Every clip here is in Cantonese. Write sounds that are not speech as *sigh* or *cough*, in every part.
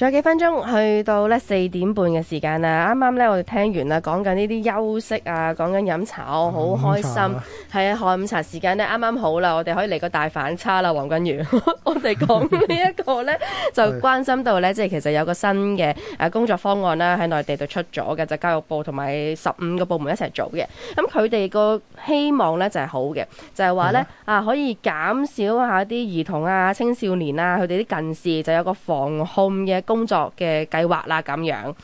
仲有幾分鐘去到咧四點半嘅時間啦，啱啱咧我哋聽完啦，講緊呢啲休息啊，講緊飲茶，我好開心。係啊，下午茶時間咧，啱啱好啦，我哋可以嚟個大反差啦，黃君如。 *laughs* 我哋講呢一個咧， *laughs* 就關心到咧，對即係其實有個新嘅誒工作方案啦，喺內地度出咗嘅，就係、教育部同埋十五個部門一齊做嘅。咁佢哋個希望咧就係好嘅，就係話咧啊，可以減少下啲兒童啊、青少年啊佢哋啲近視，就有個防控嘅。工作嘅計劃啦，咁樣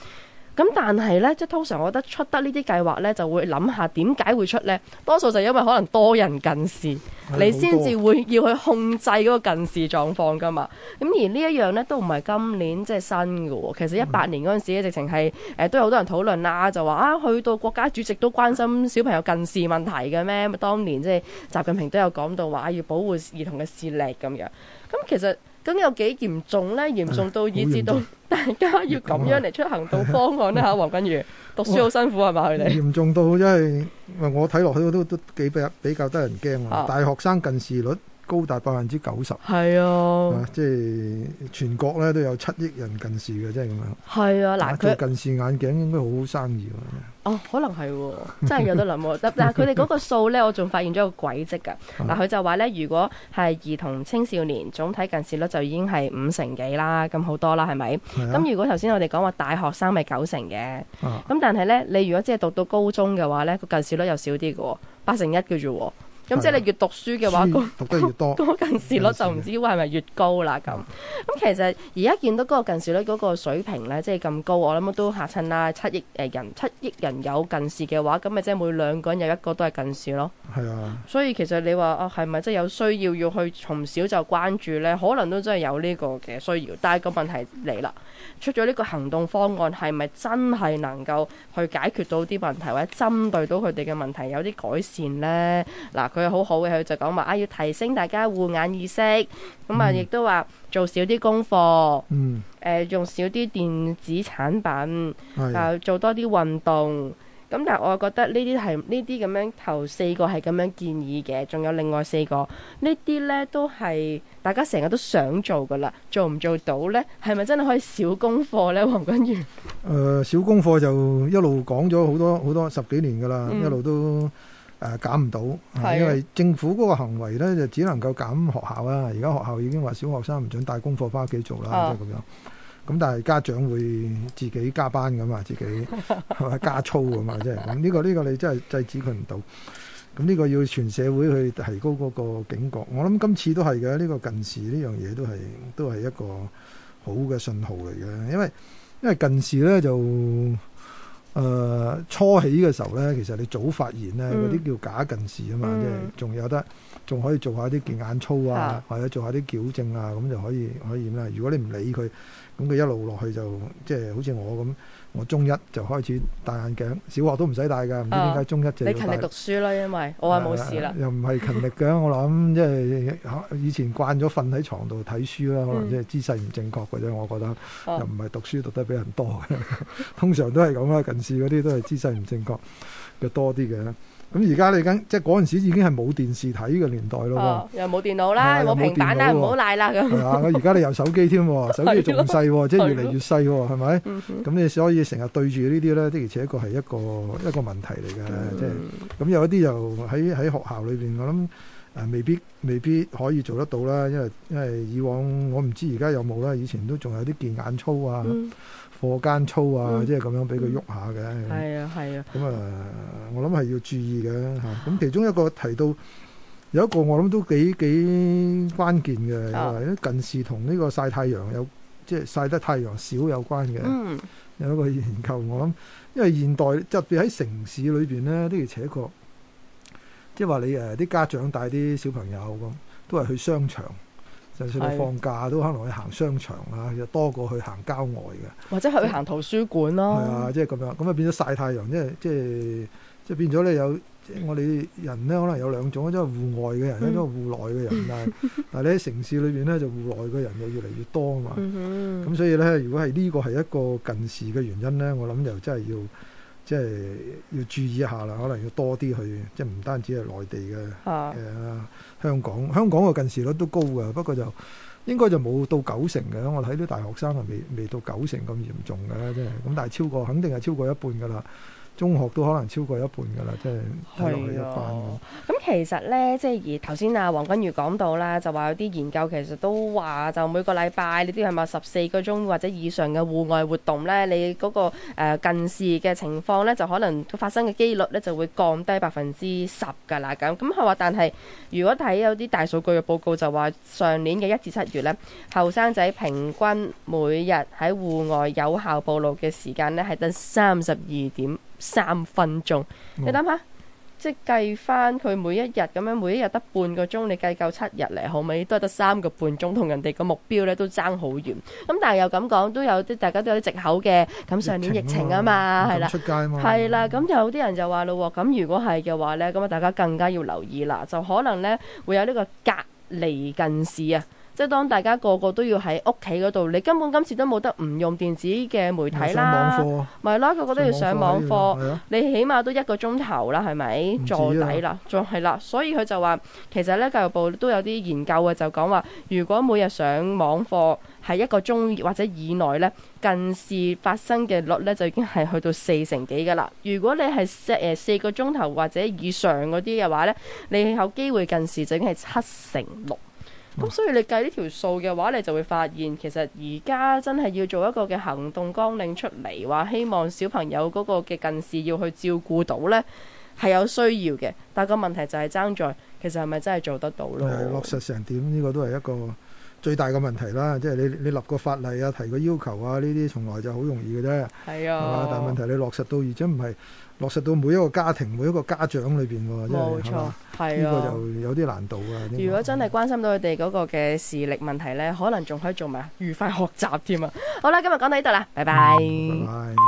咁，但係呢，即係通常我覺得出得呢啲計劃呢，就會諗下點解會出呢。多數就因為可能多人近視，嗯、你先至會要去控制嗰個近視狀況㗎嘛。咁而呢一樣呢，都唔係今年即係、就是、新嘅。其實一八年嗰陣時呢，直情係誒都有好多人討論啦，就話啊，去到國家主席都關心小朋友近視問題嘅咩？咁當年即係、就是、習近平都有講到話要保護兒童嘅視力咁樣。咁、嗯、其實。咁有幾嚴重呢？嚴重到以至到大家要咁樣嚟出行到方案呢？吓， *laughs* *laughs* 黃君如，讀書好辛苦係咪？佢哋哇嚴重到因為，我睇落去都都幾比比較得人驚。 *laughs* 大學生近視率，高達百分之九十，係啊，啊，即係全國咧都有七億人近視嘅，即係咁樣。係啊，嗱，啊、他做近視眼鏡應該好好生意喎。哦，可能係、啊，真係有得諗、啊。 *laughs* 但係佢哋嗰個數咧，我仲發現咗個軌跡㗎。嗱、啊，佢、啊、就話咧，如果係兒童青少年總體近視率就已經係五成幾啦，咁好多啦，係咪？咁、啊、如果頭先我哋講話大學生咪九成嘅，咁、啊啊、但係咧，你如果即係讀到高中嘅話咧，個近視率又少啲嘅喎，八成一嘅啫喎。咁、嗯、即係你越讀書嘅話，書個讀得越多，嗰近視率就唔知係咪越高啦咁。咁視、嗯、其實而家見到嗰個近視率嗰個水平咧，即係咁高，我諗都都嚇親啦。七億誒人，七億人有近視嘅話，咁咪即係每兩個人有一個都係近視咯。係啊，所以其實你話啊，係咪真係有需要要去從小就關注咧？可能都真係有呢個嘅需要，但係個問題嚟啦，出咗呢個行動方案係咪真係能夠去解決到啲問題或者針對到佢哋嘅問題有啲改善咧？嗱、啊。啊佢好好嘅，佢就講話啊，要提升大家護眼意識，咁啊、嗯，亦都話做少啲功課，誒、嗯呃，用少啲電子產品，啊、嗯，做多啲運動。咁的但係我覺得呢啲係呢啲咁樣頭四個係咁樣建議嘅，仲有另外四個，呢啲呢都係大家成日都想做噶啦，做唔做到呢？係咪真係可以少功課呢？黃君如、呃，誒，少功課就一路講咗好多好多十幾年噶啦，一路都。嗯誒減唔到，啊、的因為政府嗰個行為咧就只能夠減學校啦、啊。而家學校已經話小學生唔准帶功課返屋企做啦、啊，即係咁樣。咁但係家長會自己加班㗎嘛，自己係嘛 *laughs* 加操㗎嘛，即係咁。呢個呢個你真係制止佢唔到。咁呢個要全社會去提高嗰個警覺。我諗今次都係嘅，呢個近視呢樣嘢都係都係一個好嘅信號嚟嘅，因為因為近視咧就。誒、呃、初起嘅時候咧，其實你早發現咧，嗰啲、嗯、叫假近視啊嘛，嗯、即係仲有得，仲可以做一下啲健眼操啊，或者、嗯、的做一下啲矯正啊，咁就可以可以啦。如果你唔理佢，咁佢一路落去就即係好似我咁。我中一就開始戴眼鏡，小學都唔使戴㗎，唔知點解中一就、哦。你勤力讀書啦，因為我話冇事啦、呃。又唔係勤力嘅， *laughs* 我諗即係以前慣咗瞓喺床度睇書啦，嗯、可能即係姿勢唔正確嘅啫。我覺得、哦、又唔係讀書讀得比人多嘅， *laughs* 通常都係咁啦。近視嗰啲都係姿勢唔正確嘅多啲嘅。咁而家你跟即係嗰陣時已經係冇電視睇嘅年代咯，啊，又冇電腦啦，冇平板啦，唔好賴啦咁。係啊，而家你有手機添，手機仲細， *laughs* 即係越嚟越細，係咪？咁你所以成日對住呢啲咧，的而且確係一個一個問題嚟嘅，嗯、即係。咁有一啲又喺喺學校裏邊，我諗。誒，未必未必可以做得到啦，因為因為以往我唔知而家有冇啦，以前都仲有啲健眼操啊、課間操啊，即係咁樣俾佢喐下嘅。係啊，係啊。咁啊，我諗係要注意嘅嚇。咁其中一個提到有一個我諗都幾幾關鍵嘅，近視同呢個晒太陽有即係晒得太陽少有關嘅。有一個研究我諗，因為現代特別喺城市裏邊呢，都要扯角。即係話你誒啲家長帶啲小朋友咁，都係去商場。就算你放假是都可能去行商場啊，又多過去行郊外嘅，或者去行圖書館咯。係啊，即係咁樣，咁啊變咗晒太陽，即係即係即係變咗咧有。我哋人咧可能有兩種，一種係戶外嘅人，一種係戶內嘅人啊。嗯、但係你喺城市裏邊咧， *laughs* 就戶內嘅人又越嚟越多啊嘛。咁、嗯、哼所以咧，如果係呢個係一個近視嘅原因咧，我諗又真係要。即係要注意一下啦，可能要多啲去，即係唔單止係內地嘅，誒、啊呃、香港香港嘅近視率都高㗎，不過就應該就冇到九成嘅。我睇啲大學生係未未到九成咁嚴重嘅，即係咁，但係超過肯定係超過一半㗎啦。中學都可能超過一半㗎啦，即係一半。咁是、啊哦、其實呢，即係而頭先阿黃君如講到啦，就話有啲研究其實都話，就每個禮拜你知係咪十四個鐘或者以上嘅戶外活動呢？你嗰、那個、呃、近視嘅情況呢，就可能發生嘅機率呢，就會降低百分之十㗎啦。咁咁係話，但係如果睇有啲大數據嘅報告，就話上年嘅一至七月呢，後生仔平均每日喺戶外有效暴露嘅時間呢，係得三十二點三分鐘，你諗下，即係計翻佢每一日咁樣，每一日得半個鐘，你計夠七日咧，好唔好？都係得三個半鐘，同人哋個目標咧都爭好遠。咁但係又咁講，都有啲大家都有啲藉口嘅。咁上年疫情啊嘛，係啦，係啦，咁有啲人就話咯，咁如果係嘅話呢，咁啊大家更加要留意啦，就可能呢會有呢個隔離近視啊。即係當大家個個都要喺屋企嗰度，你根本今次都冇得唔用電子嘅媒體啦，網課，咪囉，個個都要上網課，你起碼都一個鐘頭啦，係咪？坐底啦，仲係啦，所以佢就話其實咧，教育部都有啲研究嘅，就講話如果每日上網課係一個鐘或者以內咧，近視發生嘅率咧就已經係去到四成幾㗎啦。如果你係誒四個鐘頭或者以上嗰啲嘅話咧，你有機會近視就已經係七成六。咁、嗯、所以你計呢條數嘅話，你就會發現其實而家真係要做一個嘅行動綱領出嚟，話希望小朋友嗰個嘅近視要去照顧到咧，係有需要嘅。但個問題就係爭在其實係咪真係做得到咯？落實成點呢個都係一個。嗯嗯嗯嗯嗯嗯最大嘅問題啦，即係你你立個法例啊、提個要求啊呢啲從來就好容易嘅啫，係啊，但係問題你落實到而真唔係落實到每一個家庭、每一個家長裏邊喎，冇錯，係啊，呢個就有啲難度啊。如果真係關心到佢哋嗰個嘅視力問題呢，嗯、可能仲可以做埋愉快學習添啊。好啦，今日講到呢度啦，拜拜。嗯，拜拜。